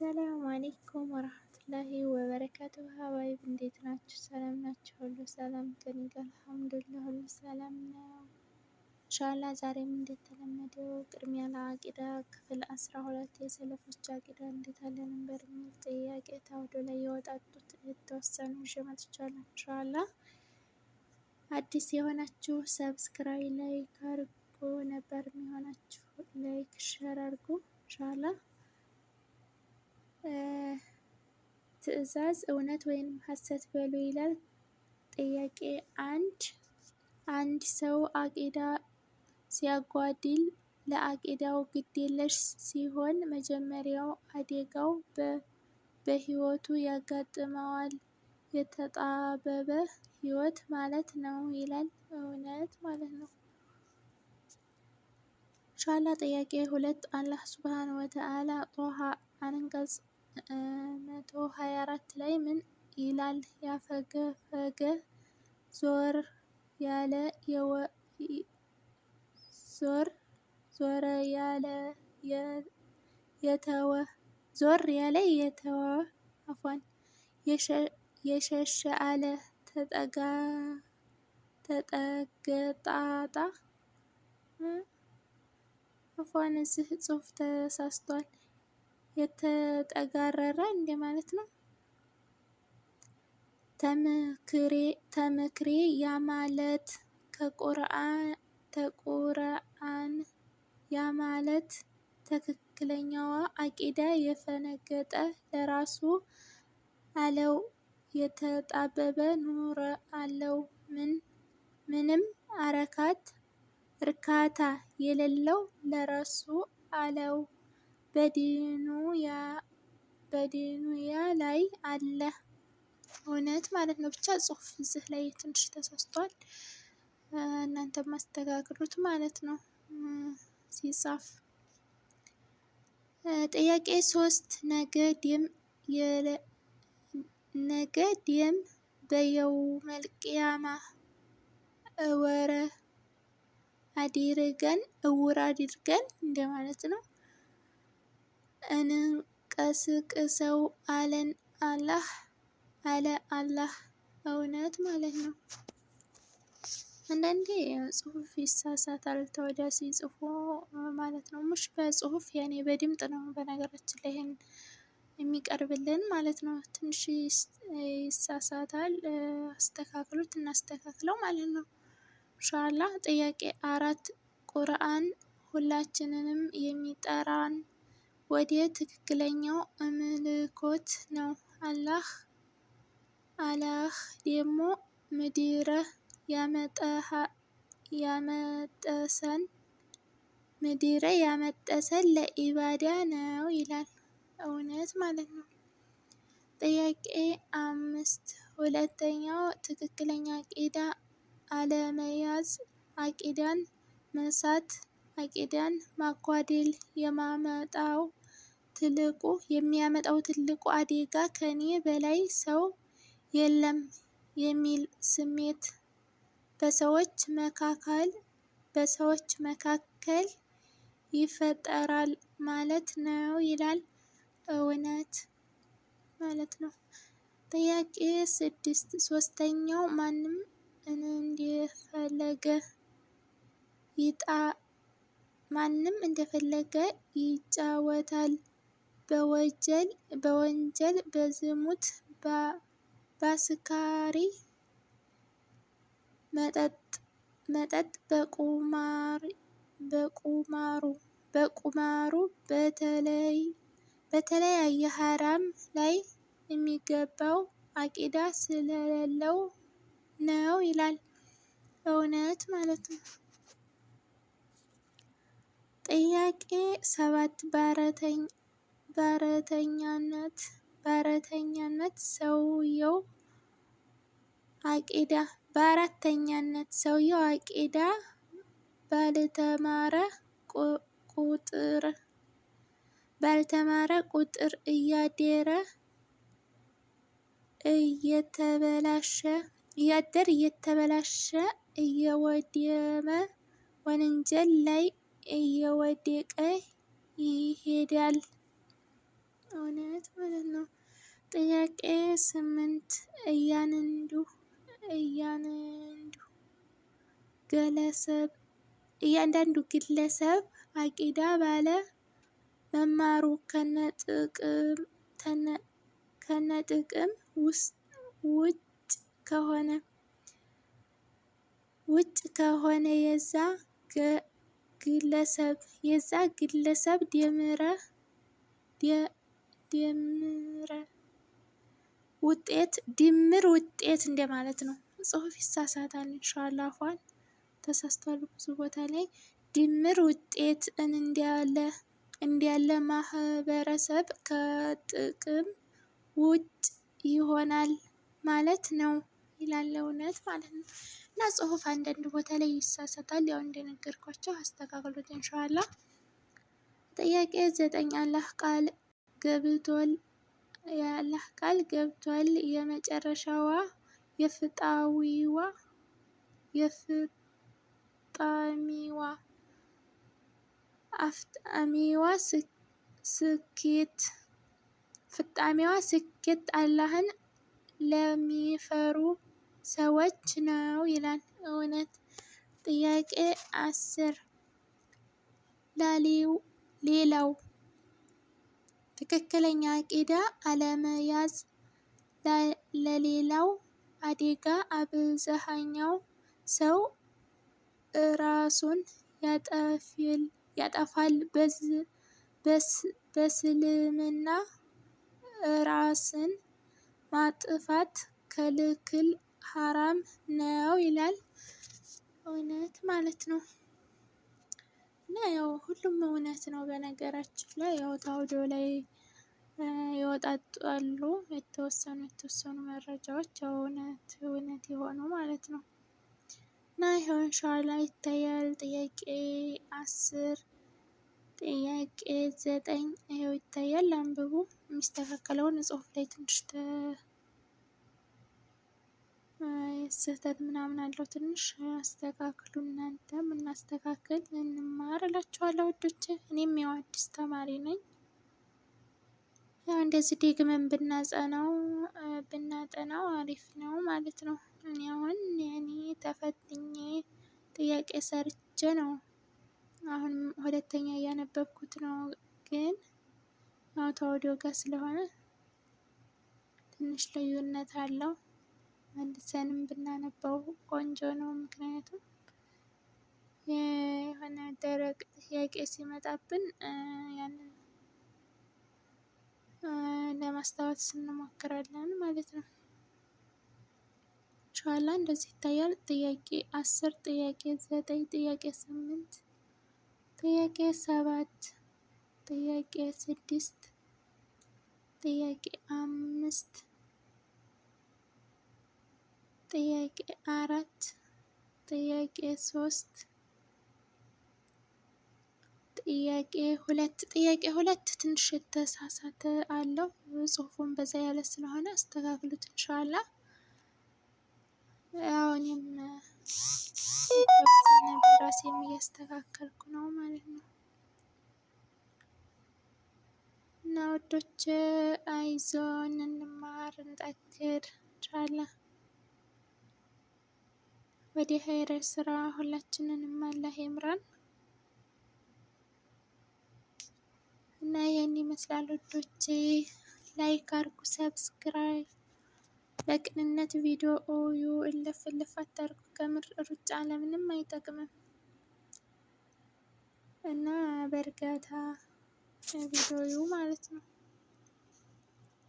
አሰላሙ አሌይኩም ወረህመቱላሂ ወበረካቱ። ሀባይብ እንዴት ናችሁ? ሰላም ናችሁ? ሁሉ ሰላም ከኔ ጋር አልሐምዱሊላህ፣ ሁሉ ሰላም ነው። ኢንሻላህ ዛሬም እንደተለመደው ቅድሚያ ለአቂዳ ክፍል አስራ ሁለት የሰለፎች አቂዳ እንዴት አለ ነበር የሚል ጥያቄ ታውዶ ላይ የወጣጡት የተወሰኑ ይዤ መጥቻለሁ። አዲስ የሆናችሁ ሰብስክራይብ ላይ አርጎ ነበር የሚሆናችሁ ላይክ ሸር አርጎ ኢንሻላህ ትዕዛዝ እውነት ወይም ሐሰት በሉ ይላል። ጥያቄ አንድ አንድ ሰው አቂዳ ሲያጓድል ለአቂዳው ግዴለሽ ሲሆን መጀመሪያው አደጋው በህይወቱ ያጋጥመዋል። የተጣበበ ህይወት ማለት ነው ይላል እውነት ማለት ነው። ኢንሻአላህ ጥያቄ ሁለት አላህ ሱብሃነ ወተዓላ ጦሃ አንቀጽ መቶ ሀያ አራት ላይ ምን ይላል? ያፈገፈገ ዞር ያለ ዞር ዞር ያለ የተወ ዞር ያለ የተወ አፏን የሸሸ አለ ተጠጋ ተጠገጣጣ አፏን እዚህ ጽሑፍ ተሳስቷል። የተጠጋረረ እንደ ማለት ነው። ተመክሬ ያ ማለት ከቁርአን ያ ማለት ትክክለኛዋ አቂዳ የፈነገጠ ለራሱ አለው የተጣበበ ኑር አለው ምንም አረካት እርካታ የሌለው ለራሱ አለው። በዲኑያ ላይ አለ። እውነት ማለት ነው። ብቻ ጽሁፍ እዚህ ላይ ትንሽ ተሳስቷል። እናንተ ማስተጋግሩት ማለት ነው ሲጻፍ። ጥያቄ ሶስት ነገ ዲም በየው መልቅያማ እወረ አድርገን እውር አድርገን እንደማለት ነው። እንንቀስቅሰው አለን አላህ አለ አላህ። እውነት ማለት ነው። አንዳንዴ ጽሁፍ ይሳሳታል ተወዳ ሲጽፎ ማለት ነው። ሙሽ በጽሁፍ የኔ በድምጥ ነው በነገራችን ላይ ይህን የሚቀርብልን ማለት ነው። ትንሽ ይሳሳታል አስተካክሉት፣ እናስተካክለው ማለት ነው። ኢንሻላህ ጥያቄ አራት ቁርአን ሁላችንንም የሚጠራን ወደ ትክክለኛው አምልኮት ነው። አላህ አላህ ደግሞ ምድረ ያመጠሰን ምድረ ያመጠሰን ለኢባዳ ነው ይላል። እውነት ማለት ነው። ጥያቄ አምስት ሁለተኛው ትክክለኛ አቂዳ አለመያዝ፣ አቂዳን መሳት፣ አቂዳን ማጓደል የማመጣው ትልቁ የሚያመጣው ትልቁ አደጋ ከኔ በላይ ሰው የለም የሚል ስሜት በሰዎች መካከል በሰዎች መካከል ይፈጠራል ማለት ነው ይላል። እውነት ማለት ነው። ጥያቄ ስድስት ሶስተኛው ማንም እንደፈለገ ይጣ ማንም እንደፈለገ ይጫወታል በወንጀል በዝሙት በአስካሪ መጠጥ በቁማሩ በተለያየ ሀራም ላይ የሚገባው አቂዳ ስለሌለው ነው ይላል። እውነት ማለት ነው። ጥያቄ ሰባት በአራተኛ በረተኛነት በረተኛነት ሰውየው አቂዳ በአራተኛነት ሰውየው አቂዳ ባልተማረ ቁጥር ባልተማረ ቁጥር እያደረ እየተበላሸ እያደር እየተበላሸ እየወደመ ወንጀል ላይ እየወደቀ ይሄዳል። እውነት ማለት ነው። ጥያቄ ስምንት እያንንዱ እያንንዱ ግለሰብ እያንዳንዱ ግለሰብ አቂዳ ባለ መማሩ ከነጥቅም ውጭ ከሆነ ውጭ ከሆነ የዛ ግለሰብ የዛ ግለሰብ ደምረ ውጤት ድምር ውጤት እንደማለት ነው። ጽሁፍ ይሳሳታል እንሻላ አፏን ተሳስቷል ብዙ ቦታ ላይ ድምር ውጤት እንዲያለ እንዲያለ ማህበረሰብ ከጥቅም ውጭ ይሆናል ማለት ነው ይላል። እውነት ማለት ነው። እና ጽሁፍ አንዳንድ ቦታ ላይ ይሳሳታል። ያው እንደነገርኳቸው አስተካክሎት እንሻላ ጥያቄ ዘጠኝ አላህ ቃል ገብቷል ያለህ ቃል ገብቷል የመጨረሻዋ የፍጣዊዋ የፍጣሚዋ አፍጣሚዋ ስኬት ፍጣሚዋ ስኬት አላህን ለሚፈሩ ሰዎች ነው ይላል። እውነት ጥያቄ አስር ላሌው ሌላው ትክክለኛ አቂዳ አለመያዝ ለሌላው አደጋ አብዛኛው ሰው ራሱን ያጠፋል። በእስልምና ራስን ማጥፋት ክልክል ሀራም ነው ይላል። እውነት ማለት ነው። እና ያው ሁሉም እውነት ነው። በነገራችን ላይ ያው ታውዲዮ ላይ ይወጣጣሉ የተወሰኑ የተወሰኑ መረጃዎች ያው እውነት እውነት የሆኑ ማለት ነው። እና ይኸው እንሻላ ይታያል። ጥያቄ አስር ጥያቄ ዘጠኝ ይኸው ይታያል። አንብቡ። የሚስተካከለውን ጽሁፍ ላይ ትንሽ ስህተት ምናምን አለው ትንሽ አስተካክሉ እናንተ ምናስተካክል እንማር እላችኋለሁ ውዶች። እኔም ያው አዲስ ተማሪ ነኝ። ያው እንደዚህ ደግመን ብናጸናው ብናጠናው አሪፍ ነው ማለት ነው። እኔ አሁን እኔ ተፈትኜ ጥያቄ ሰርቼ ነው አሁን ሁለተኛ እያነበብኩት ነው። ግን አውቶ ጋር ስለሆነ ትንሽ ልዩነት አለው። መልሰንም ብናነበው ቆንጆ ነው። ምክንያቱም የሆነ ደረቅ ጥያቄ ሲመጣብን ያንን ለማስታወስ እንሞክራለን ማለት ነው። ኋላ እንደዚህ ይታያል። ጥያቄ አስር ጥያቄ ዘጠኝ ጥያቄ ስምንት ጥያቄ ሰባት ጥያቄ ስድስት ጥያቄ አምስት ጥያቄ አራት ጥያቄ ሶስት ጥያቄ ሁለት ጥያቄ ሁለት ትንሽ የተሳሳተ አለው። ጽሁፉን በዛ ያለ ስለሆነ አስተካክሉት እንሻላ። አሁንም የተወሰነ በራሴም እያስተካከልኩ ነው ማለት ነው። እና ወዶች አይዞን፣ እንማር፣ እንጠክር እንሻላ። ወደ ሀይረ ስራ ሁላችንንም አላህ ይምራን እና ይህን ይመስላል ውዶቼ። ላይክ አርጉ፣ ሰብስክራይብ በቅንነት ቪዲዮ ኦዩ እልፍ እልፍ አታርጉ። ከምር ሩጫ ለምንም አይጠቅምም እና በእርጋታ ቪዲዮዩ ማለት ነው።